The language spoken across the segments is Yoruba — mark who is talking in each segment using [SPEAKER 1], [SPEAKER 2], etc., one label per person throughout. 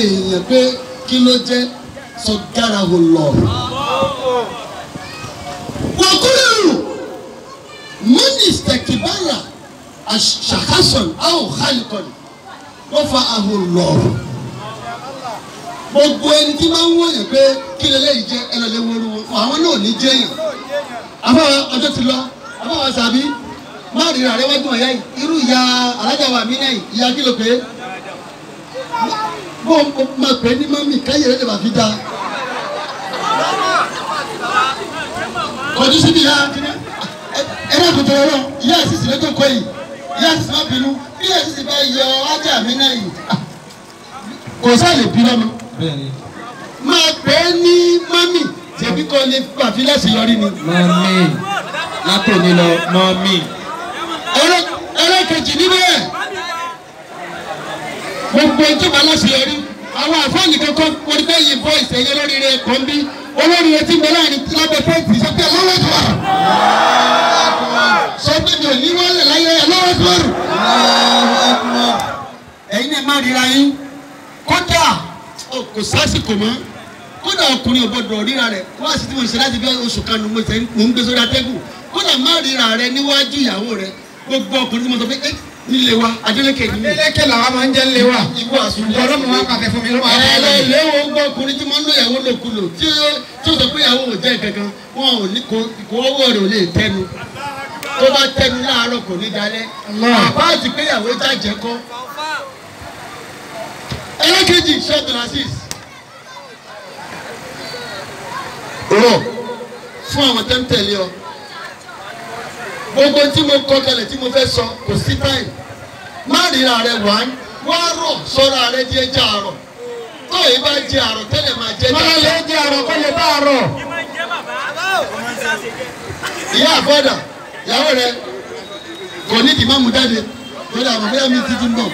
[SPEAKER 1] èèyàn pé kí ló jẹ́ sọ dára wò lọ. wàkúrẹ́rù mínísítà kìbáyà ṣàkásọ̀n áwò hálìkọ̀n wọ́n fa àwò lọ. gbogbo ẹni tí máa ń wọ̀nyẹ̀ pé kí lélẹ́yìí jẹ́ ẹlẹ́lẹ́ wọ́rúwọ́ àwọn náà ní jẹ́yàn. afáwa ọjọ́ ti lọ afáwa sàbí má rírà rẹ́wájú ọ̀yá yìí irú ìyá alájà wa mí náà yìí ìyá kí ló pé kó o máa pè é ní mọ́mì káyọ̀ rẹ̀ lè máa fi dáa. kọjú síbi ya ẹ náà tó lọ ìyá àṣìṣe ló tó kọ yìí ìyá àṣìṣe má bínú bí àṣìṣe bá yọ ajá mi náà yìí kò sáà lè bí lọ́mọ. máa pè é ní mọ́mì tẹ̀bí kan lè fàfi láti yọrí ni. mọ́mì látòní lọ mọ́mì. ẹlẹ́kejì níbẹ̀ gbogbo ẹjọ́ bá yọrí àwọn àfọ́ọ̀nì kankan orí bẹ́yìí voice ẹ̀yẹ lóríire kan bí olórí etí mi láàrin lábẹ́ fẹ́ǹsì sọ pé ọlọ́wọ́ tó wà sọ pé mi ò ní wọlé láyé ọlọ́wọ́ tó wà. ẹ̀yin náà má ríra yín kódà kò sásìkò mọ́ kódà ọkùnrin ò gbọdọ̀ ríra rẹ̀ wá sí tí mo ṣe láti bí oṣù kanu mo ń gbé sórí atẹ́gùn kódà má ríra rẹ̀ níwájú ìyàwó rẹ̀ gbogbo ọkùnrin tí mo sọ pé nílé wa Adeleke ni. Adeleke làwa máa ń jẹ́ nílé wa. Ìwọ àsùnjẹ́. Ọ̀rọ̀ mi wá pàṣẹ fún mi ló máa ń bá mi. Ẹ̀rọ ìléwọ́ gbọ́ ọkùnrin tí wọ́n ń lo ìyàwó lòkulò tí ó sọ pé ìyàwó ò jẹ́ gangan wọn ò ní kó owó rẹ̀ ò lè tẹnu. Tó bá tẹnu láàárọ̀ kò ní dalẹ̀. Àbá àti pé ìyàwó jàjẹ́ kọ́. Ẹlẹ́kejì ṣọ́ọ̀tún Asis. Rọ̀ fún àwọn tẹ́ńtẹ̀lé ọ. Gbogbo tí mo kọ kalẹ̀ tí mo fẹ́ sọ kò sí táyì má ríra rẹ wáyé wá rọ̀ sọ́ra rẹ jẹ́ jẹ́ àrọ̀ tó yìí bá jẹ́ àrọ̀ tẹ́lẹ̀ máa jẹ́ jẹ́ àrọ̀. máa lè jẹ́ àrọ̀ kó lè bá àrọ̀. ìyá àbọ̀dà ìyàwó rẹ kò ní kí má mú jáde lórí àwọn bóyá mi ti tún bọ̀.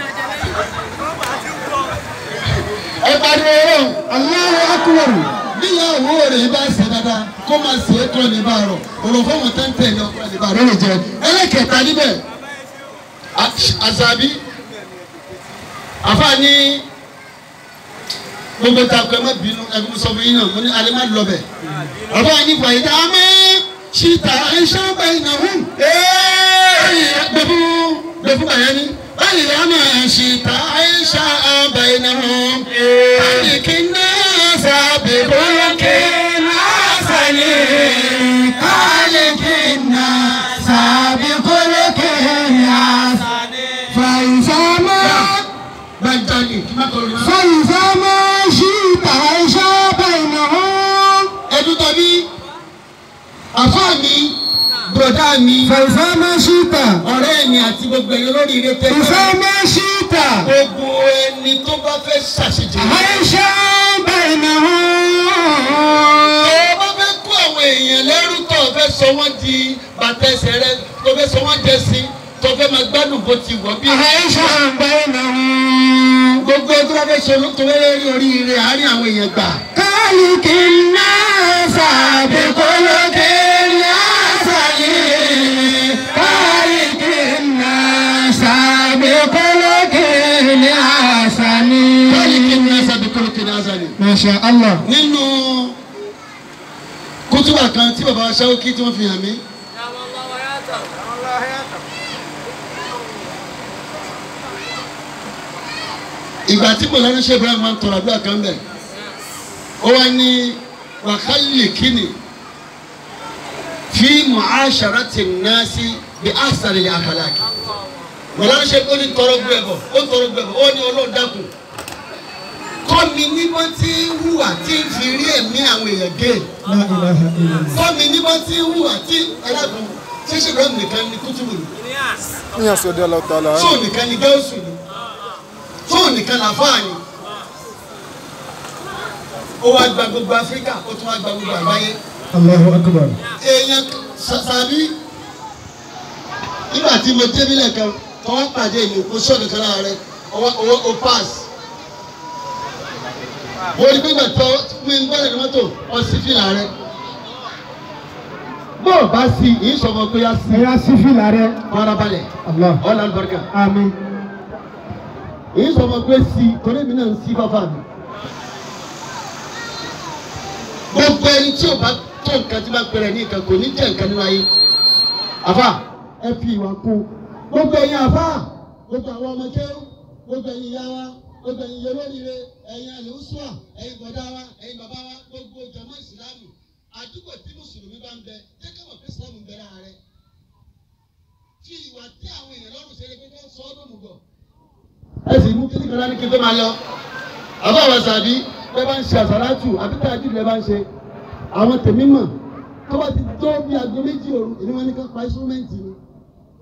[SPEAKER 1] ẹ pariwo ọlọ́run Allahu Akbar níyàwó rẹ̀ yìí bá ṣe dáadáa kó máa ṣe é kọ́ ní bá rọ̀ òròfọ́mù tẹ́ńtẹ́ ní ọkọ̀ lè jẹ ẹlẹ́kẹ̀ẹ́ta níbẹ̀. Azabi, àfààní gbogbo takọ ẹ má bínú ẹgbẹ́ mi sọ fún yín náà mo ní alẹ́ má lọ bẹ̀ àfààní fàyídà mi ṣìtà iṣẹ́ bẹ́ẹ̀ náà hù gbẹ fún gbẹ ni báyìí lọ́nà ṣìtà iṣẹ́ bẹ́ẹ̀ náà hù àbíkí náà sábẹ̀ bọ́lá kẹ́ẹ́. fàyìnfà máa ṣí ìtàrà iṣẹ́ báyìí nà ó. ẹnu tọ́bí àfáà mi bùrọ̀dá mi. fàyìnfà máa ṣí ìtà. ọ̀rẹ́ mi àti gbogbo ẹ̀yọ́ lórí ilé tẹ́lẹ̀. ìfà máa ṣí ìtà. ogun ẹni tó bá fẹ́ ṣàṣejù. àìṣẹ́ báyìí nà ó. tó bá fẹ́ kó àwọn èèyàn lẹ́rù tó fẹ́ sọ wọ́n di bàtẹ́sẹ̀ rẹ tó fẹ́ sọ wọ́n jẹ sí i tọ́fẹ́ máa gbádùn bó ti wọ̀ bí. àìsàn àgbà ìlànà. gbogbo tó bá fẹ́ ṣe tó fẹ́ rí oríire àárín àwọn èèyàn gbà. káàlì kì í ná sàbí kó lókè ná sàyè. káàlì kì í ná sàbí kó lókè ná sàní. káàlì kì í ná sàbí kó lókè ná sàní. Masha Allah. nínú kútùbà kan tí bàbá aṣáwó kí tí wọ́n fi hàn mí. ìgbà tí mo lọ́nu ṣe Ibrahim máa ń tọrọ àdúrà kan bẹ̀ ó wá ní wàhálì kínní fi mu'asharati nasi bi asari ahalaki mo lọ́nu ṣe ó ní tọrọ gbé bọ̀ ó tọrọ gbé bọ̀ ó ní ọlọ́dàkùn kọ́ mi níbo tí ń hùwà tí ń fi rí ẹ̀mí àwọn èèyàn gé kọ́ mi níbo tí ń hùwà tí alágùn ṣíṣe lọ́nà nìkan ni kútùbù ni. ní àṣẹ ọdẹ aláwọ tààlà. sóò nìkan ni gáúsù ni nìkan làfáà ni ó wá gba gbogbo áfíríkà ó tún wá gba gbogbo àgbáyé. Allahu Akbar. èèyàn sàbí nígbà tí mo débílẹ̀ kan tọ́wọ́ pàdé mi kó sọ̀rọ̀ kan láàárẹ̀ ọwọ́ o pass. mo rí gbígbà tọ́ mi ń gbọ́dọ̀ ní mọ́tò ọ sí fìlà rẹ̀. bó o bá sí ìsọ̀bọ̀ pé yá sí. ẹ yá sí fìlà rẹ̀. farabalẹ̀ ọ̀là àlùbáríkà. àmín èyí sọ̀rọ̀ pé sí torí mi náà ń sí fáfá mi. gbogbo ẹni tí o bá tó nǹkan tí bá pẹ̀rẹ̀ ní nǹkan kò ní jẹ́ nǹkan nínú ayé. àfà ẹ fi ìwà kú gbogbo ẹ̀yin àfà gbogbo àwọn ọmọ kẹ́rù gbogbo ẹ̀yin ìyá wa gbogbo ẹ̀yin ìyẹ̀wò rire ẹ̀yin àlùsùà ẹ̀yin bọ̀dá wa ẹ̀yin bàbá wa gbogbo jàmọ́ ìsìlámù àdúgbò tí mùsùlùmí bá ń bẹ jẹ́ káwọn pé ìsìlámù ń bẹ láàárẹ̀ fi ìwà tí àwọn èèyàn lọ́rùn ṣe é pé kí wọ́n sọ ọ́ kíní kan láti kí tó máa lọ àwọn tèmi mọ̀ tó bá ti tó bí aago méjì òru ìní wọn ní ká pa ìsúmẹ́ǹtì ni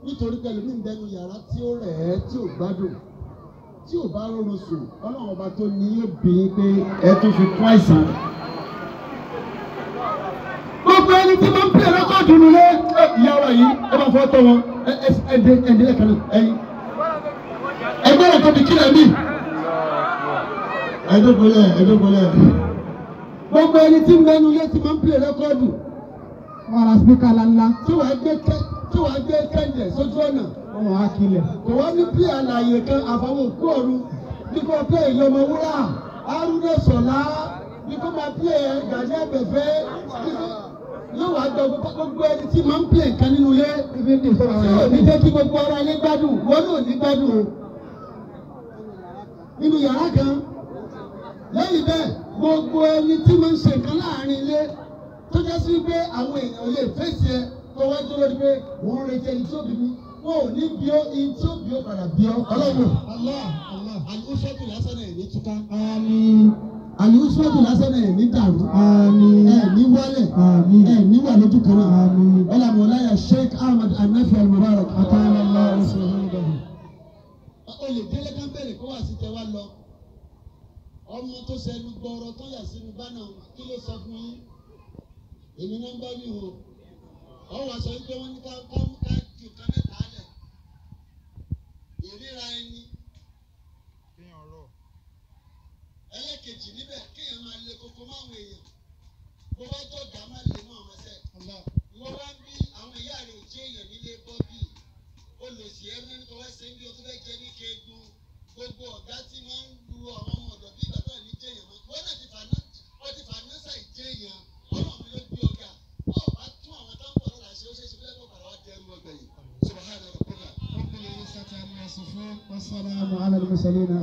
[SPEAKER 1] nítorí pẹ̀lú ní ìdẹnu yàrá tí ó rẹ̀ ẹ́ tí ò gbádùn tí ò bá rọrùn sùn ọlọ́run ọba tó ní yóò bí i pé ẹ tó fi kún àìsàn. gbogbo ẹni tí wọ́n ń pè rẹ́kọ̀dù nílé ìyá wa yìí ẹ bá fọ́ tọ́ wọn ẹ ẹ ẹ dé ẹ dé lẹ́kàn náà ẹ̀yìn ẹgbẹ́ rẹ̀ tóbi kí lẹ́mí. ẹ̀dógúnlẹ̀ ẹ̀dógúnlẹ̀. gbogbo ẹni tí mẹ́nu yẹn ti máa ń pè rẹ́kọ́ọ̀dù. wọ́n ra spíkà lánlá. tí wàá gbé kẹ́ tí wàá gbé kẹ́lẹ̀ sójú ọ̀nà. wọ́n wàá kilẹ̀. kò wá ní pí àlàyé kan àfàwọn òkú ọ̀run bí kò pé ìyọmọ wúrà arúgbó sọ̀lá bí kò máa pé gàdí ẹgbẹ̀fẹ́ yóò wá jọ gbogbo ẹni tí máa ń pè nǹkan nínú ilé. ibi ní ìfọwọ́sọ. tí ò ní jẹ́ kí gbogbo ara ilé gbádùn wọ́n lò ní gbádùn o nínú yàrá kan lẹ́yìn bẹ́ẹ̀ gbogbo ẹni tí mo ń ṣe nǹkan láàrin ilé tó jẹ́ sí pé àwọn èèyàn lè fèsì ẹ tó dúró di pé wọ́n ń retí ẹni tí ó bí mi wọn ò ní bí ó ẹni tí ó bí ó padà bí ó ọlọ́run. àlùsọ́tù lásán náà ní túká. àlùsọ́tù lásán náà ní dàrú. ẹ wálẹ̀ ẹ wà lójú kan náà. ọlọ́run ọláyà Sheikh Ahmad Anafi Al-Mubarak. kó wà sí tẹwà lọ ọmọ tó sẹnu gbọrọ tó yà sínú bánà kí ló sọ fún yín èmi náà ń bá mi wò ọ wà sọ pé wọn ní ká ká ká ju nǹkan mẹ́ta lẹ ìríra ẹni ẹlẹ́kejì níbẹ̀ kéèyàn máa le koko máa wọ èèyàn bó bá jọ̀gá máa le. gbogbo ọ̀gá tí wọ́n ń lu àwọn ọmọ ọ̀dọ̀ bí bàbá mi jẹ́ èèyàn wọn náà ti fà náà wọ́n ti fà náà sàì jẹ́ èèyàn wọ́n náà ló gbé ọ̀gá wọ́n bá tún àwọn tó ń bọ̀ lọ́la ṣe ó ṣe é ṣe fẹ́ kó bàrà wá jẹ́ ẹrú ọgbẹ̀yìn. sọ̀rọ̀